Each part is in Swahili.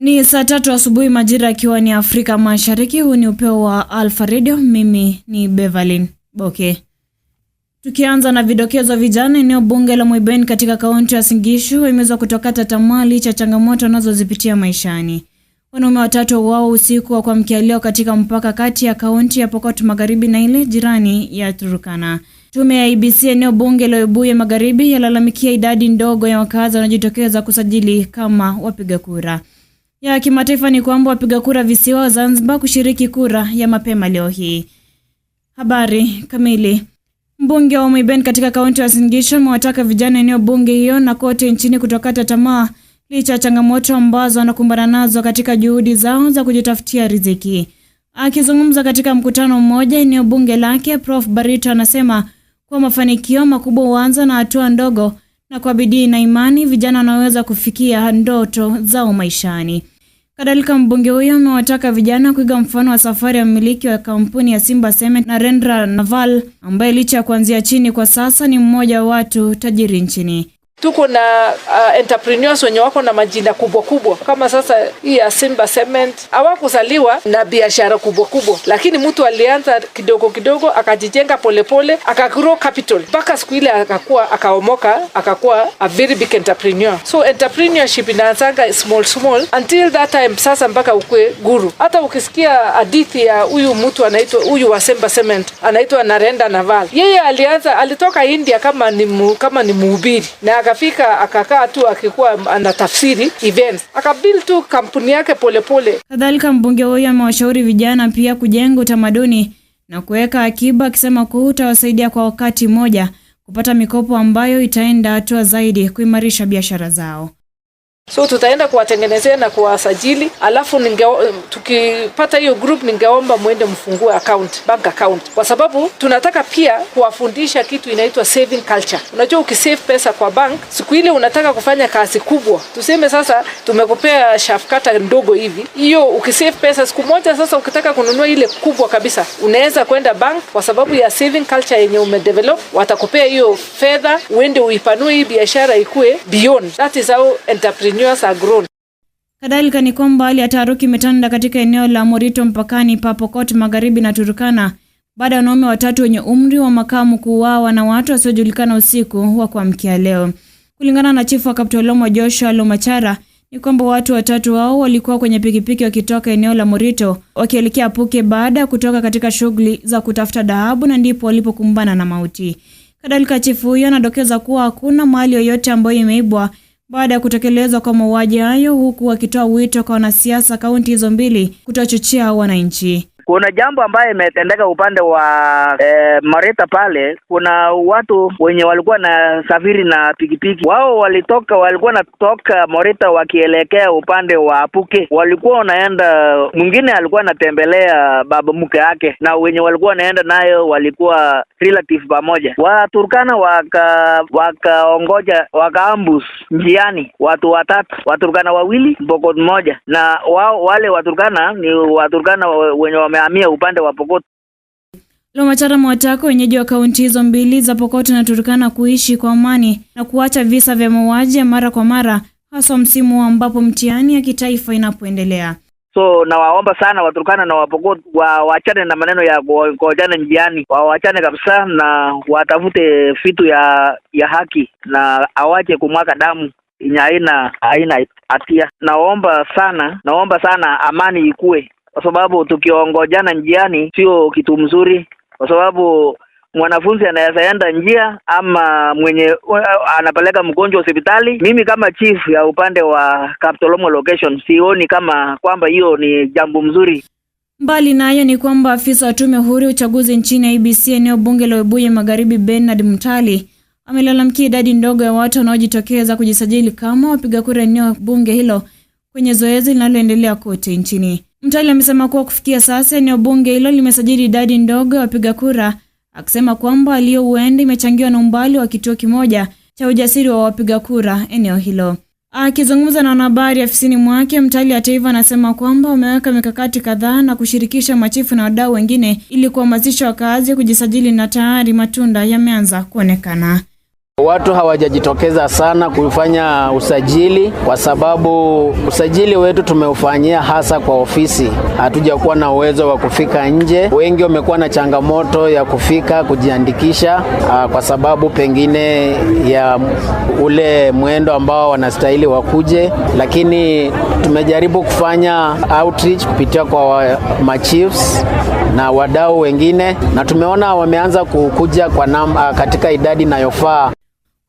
Ni saa tatu asubuhi majira akiwa ni Afrika Mashariki. Huu ni upeo wa Alfa Radio, mimi ni Beverlyn Boke. Tukianza na vidokezo, vijana eneo bunge la Mwibeni katika kaunti ya Singishu wameweza kutokata tamaa licha changamoto wanazozipitia maishani. Wanaume watatu wao usiku wa kuamkia leo katika mpaka kati ya kaunti ya Pokot Magharibi na ile jirani ya Turkana. Tume ya IBC eneo bunge la Webuye Magharibi yalalamikia idadi ndogo ya wakazi wanajitokeza kusajili kama wapiga kura ya kimataifa ni kwamba wapiga kura visiwa wa Zanzibar kushiriki kura ya mapema leo hii. Habari kamili. Mbunge wa Mwiben katika kaunti ya singisho amewataka vijana eneo bunge hiyo na kote nchini kutokata tamaa licha ya changamoto ambazo wanakumbana nazo katika juhudi zao za kujitafutia riziki. Akizungumza katika mkutano mmoja eneo bunge lake, Prof Barito anasema kuwa mafanikio makubwa huanza na hatua ndogo na kwa bidii na imani vijana wanaweza kufikia ndoto zao maishani. Kadhalika, mbunge huyo amewataka vijana kuiga mfano wa safari ya mmiliki wa kampuni ya Simba Cement Narendra Naval ambaye licha ya kuanzia chini, kwa sasa ni mmoja wa watu tajiri nchini. Tuko na uh, entrepreneurs wenye wako na majina kubwa kubwa kama sasa hii ya Simba Cement. Hawakuzaliwa na biashara kubwa kubwa, lakini mtu alianza kidogo kidogo akajijenga polepole akagrow capital mpaka siku ile akakuwa akaomoka akakuwa a very big entrepreneur. So entrepreneurship inaanzanga small small until that time sasa mpaka ukwe guru. Hata ukisikia hadithi ya huyu mtu anaitwa huyu wa Simba Cement anaitwa narenda Naval, yeye alianza alitoka India kama ni kama ni mhubiri na akafika akakaa tu akikuwa anatafsiri events, akabuild tu kampuni yake polepole. Kadhalika, mbunge huyo amewashauri vijana pia kujenga utamaduni na kuweka akiba, akisema kuwa utawasaidia kwa wakati mmoja kupata mikopo ambayo itaenda hatua zaidi kuimarisha biashara zao. So tutaenda kuwatengenezea na kuwasajili, alafu ninge, tukipata hiyo group ningeomba mwende mfungue account, bank account, kwa sababu tunataka pia kuwafundisha kitu inaitwa saving culture. Unajua, ukisave pesa kwa bank, siku ile unataka kufanya kazi kubwa, tuseme sasa tumekupea shafkata ndogo hivi, hiyo ukisave pesa siku moja, sasa ukitaka kununua ile kubwa kabisa, unaweza kwenda bank, kwa sababu ya saving culture yenye umedevelop, watakupea hiyo fedha uende uipanue hii biashara ikue beyond. That is how entrepreneur entrepreneurs are grown. Kadhalika ni kwamba hali ya taharuki imetanda katika eneo la Morito mpakani pa Magharibi na Turkana baada ya wanaume watatu wenye umri wa makamu kuuawa na watu wasiojulikana usiku wa kuamkia leo. Kulingana na chifu wa Kaptolomo Joshua Lomachara ni kwamba watu watatu hao walikuwa kwenye pikipiki wakitoka eneo la Morito wakielekea Puke baada ya kutoka katika shughuli za kutafuta dhahabu na ndipo walipokumbana na mauti. Kadhalika chifu huyo anadokeza kuwa hakuna mali yoyote ambayo imeibwa baada ya kutekelezwa kwa mauaji hayo, huku akitoa wito kwa wanasiasa kaunti hizo mbili kutochochea wananchi kuna jambo ambayo imetendeka upande wa e, eh, Marita pale. Kuna watu wenye walikuwa na safiri na pikipiki, wao walitoka, walikuwa natoka Marita wakielekea upande wa Puke, walikuwa wanaenda, mwingine alikuwa anatembelea baba mke yake, na wenye walikuwa wanaenda nayo walikuwa relative pamoja. Waturkana waka wakaongoja wakaambus njiani, watu watatu, Waturkana wawili, Pokot mmoja, na wao wale Waturkana ni Waturkana wenye wame wamehamia upande wa Pokot. lomachara Mwatako, wenyeji wa kaunti hizo mbili za Pokot na Turkana, kuishi kwa amani na kuacha visa vya mauaji mara kwa mara, haswa msimu ambapo mtihani ya kitaifa inapoendelea. So nawaomba sana Waturkana na Wapokot wawachane na maneno ya kuojana njiani, wawachane kabisa na watafute vitu ya ya haki na awache kumwaga damu yenye haina haina hatia. Naomba sana, naomba sana amani ikue kwa sababu tukiongojana njiani sio kitu mzuri, kwa sababu mwanafunzi anaweza enda njia ama mwenye anapeleka mgonjwa hospitali. Mimi kama chief ya upande wa Kaptolomo location sioni kama kwamba hiyo ni jambo mzuri. Mbali na hayo ni kwamba afisa wa tume huru uchaguzi nchini IEBC eneo bunge la Webuye Magharibi, Bernard Mtali amelalamikia idadi ndogo ya watu wanaojitokeza kujisajili kama wapiga kura eneo bunge hilo kwenye zoezi linaloendelea kote nchini. Mtali amesema kuwa kufikia sasa eneo bunge hilo limesajili idadi ndogo ya wapiga kura, akisema kwamba aliyo huenda imechangiwa na umbali wa kituo kimoja cha ujasiri wa wapiga kura eneo hilo. Akizungumza na wanahabari afisini mwake, Mtali hata hivyo anasema kwamba wameweka mikakati kadhaa na kushirikisha machifu na wadau wengine ili kuhamasisha wakaazi kujisajili na tayari matunda yameanza kuonekana. Watu hawajajitokeza sana kufanya usajili kwa sababu usajili wetu tumeufanyia hasa kwa ofisi. Hatujakuwa na uwezo wa kufika nje. Wengi wamekuwa na changamoto ya kufika kujiandikisha ah, kwa sababu pengine ya ule mwendo ambao wanastahili wakuje, lakini tumejaribu kufanya outreach kupitia kwa machiefs na wadau wengine, na tumeona wameanza kukuja kwa nam, ah, katika idadi inayofaa.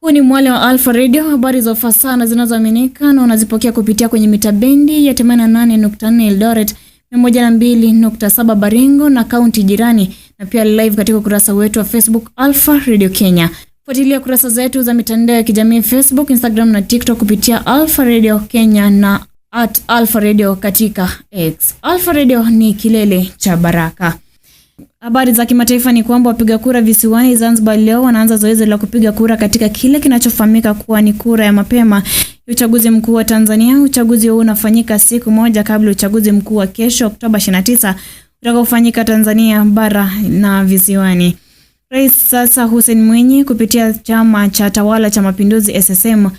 Huu ni mwale wa alpha Radio, habari za ufasaha na zinazoaminika na unazipokea kupitia kwenye mita bendi ya 88.4 Eldoret, 102.7 Baringo na kaunti jirani, na pia live katika ukurasa wetu wa Facebook alpha Radio Kenya. Fuatilia kurasa zetu za mitandao ya kijamii Facebook, Instagram na TikTok kupitia alpha Radio Kenya na at Alpha Radio katika X. Alpha Radio ni kilele cha baraka. Habari za kimataifa ni kwamba wapiga kura visiwani Zanzibar leo wanaanza zoezi la kupiga kura katika kile kinachofahamika kuwa ni kura ya mapema uchaguzi mkuu wa Tanzania. Uchaguzi huu unafanyika siku moja kabla uchaguzi mkuu wa kesho Oktoba 29 utakaofanyika Tanzania bara na visiwani. Rais sasa Hussein Mwinyi kupitia chama cha tawala cha Mapinduzi SSM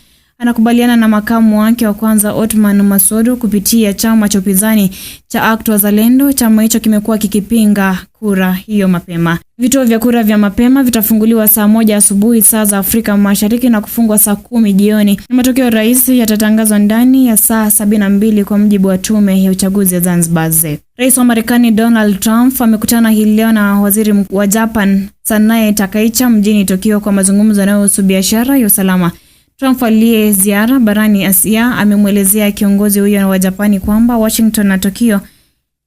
anakubaliana na makamu wake wa kwanza Othman Masoud kupitia chama cha upinzani cha ACT Wazalendo. Chama hicho kimekuwa kikipinga kura hiyo mapema. Vituo vya kura vya mapema vitafunguliwa saa moja asubuhi saa za Afrika Mashariki na kufungwa saa kumi jioni, na matokeo ya rais yatatangazwa ndani ya saa sabini na mbili kwa mujibu wa tume ya uchaguzi ya Zanzibar ZEC. Rais wa Marekani Donald Trump amekutana hii leo na waziri wa Japan Sanae Takaicha mjini Tokyo kwa mazungumzo yanayohusu biashara ya usalama. Trump aliye ziara barani Asia amemwelezea kiongozi huyo wa Japani kwamba Washington na Tokyo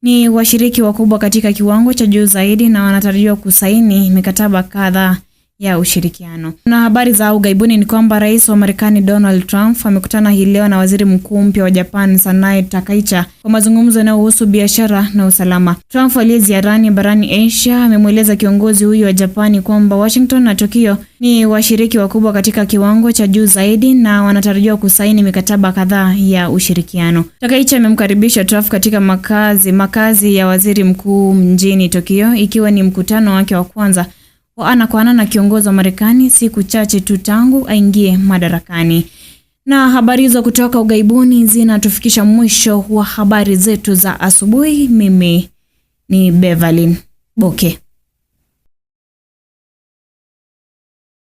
ni washiriki wakubwa katika kiwango cha juu zaidi na wanatarajiwa kusaini mikataba kadhaa ya ushirikiano. Na habari za ugaibuni ni kwamba rais wa Marekani Donald Trump amekutana hii leo na waziri mkuu mpya wa Japan Sanae Takaicha kwa mazungumzo yanayohusu biashara na usalama. Trump aliye ziarani barani Asia amemweleza kiongozi huyo wa Japani kwamba Washington na Tokyo ni washiriki wakubwa katika kiwango cha juu zaidi na wanatarajiwa kusaini mikataba kadhaa ya ushirikiano. Takaicha amemkaribisha Trump katika makazi makazi ya waziri mkuu mjini Tokyo, ikiwa ni mkutano wake wa kwanza wa ana kwa ana na kiongozi wa Marekani siku chache tu tangu aingie madarakani. Na habari hizo kutoka ugaibuni zinatufikisha mwisho wa habari zetu za asubuhi. Mimi ni Beverly Boke.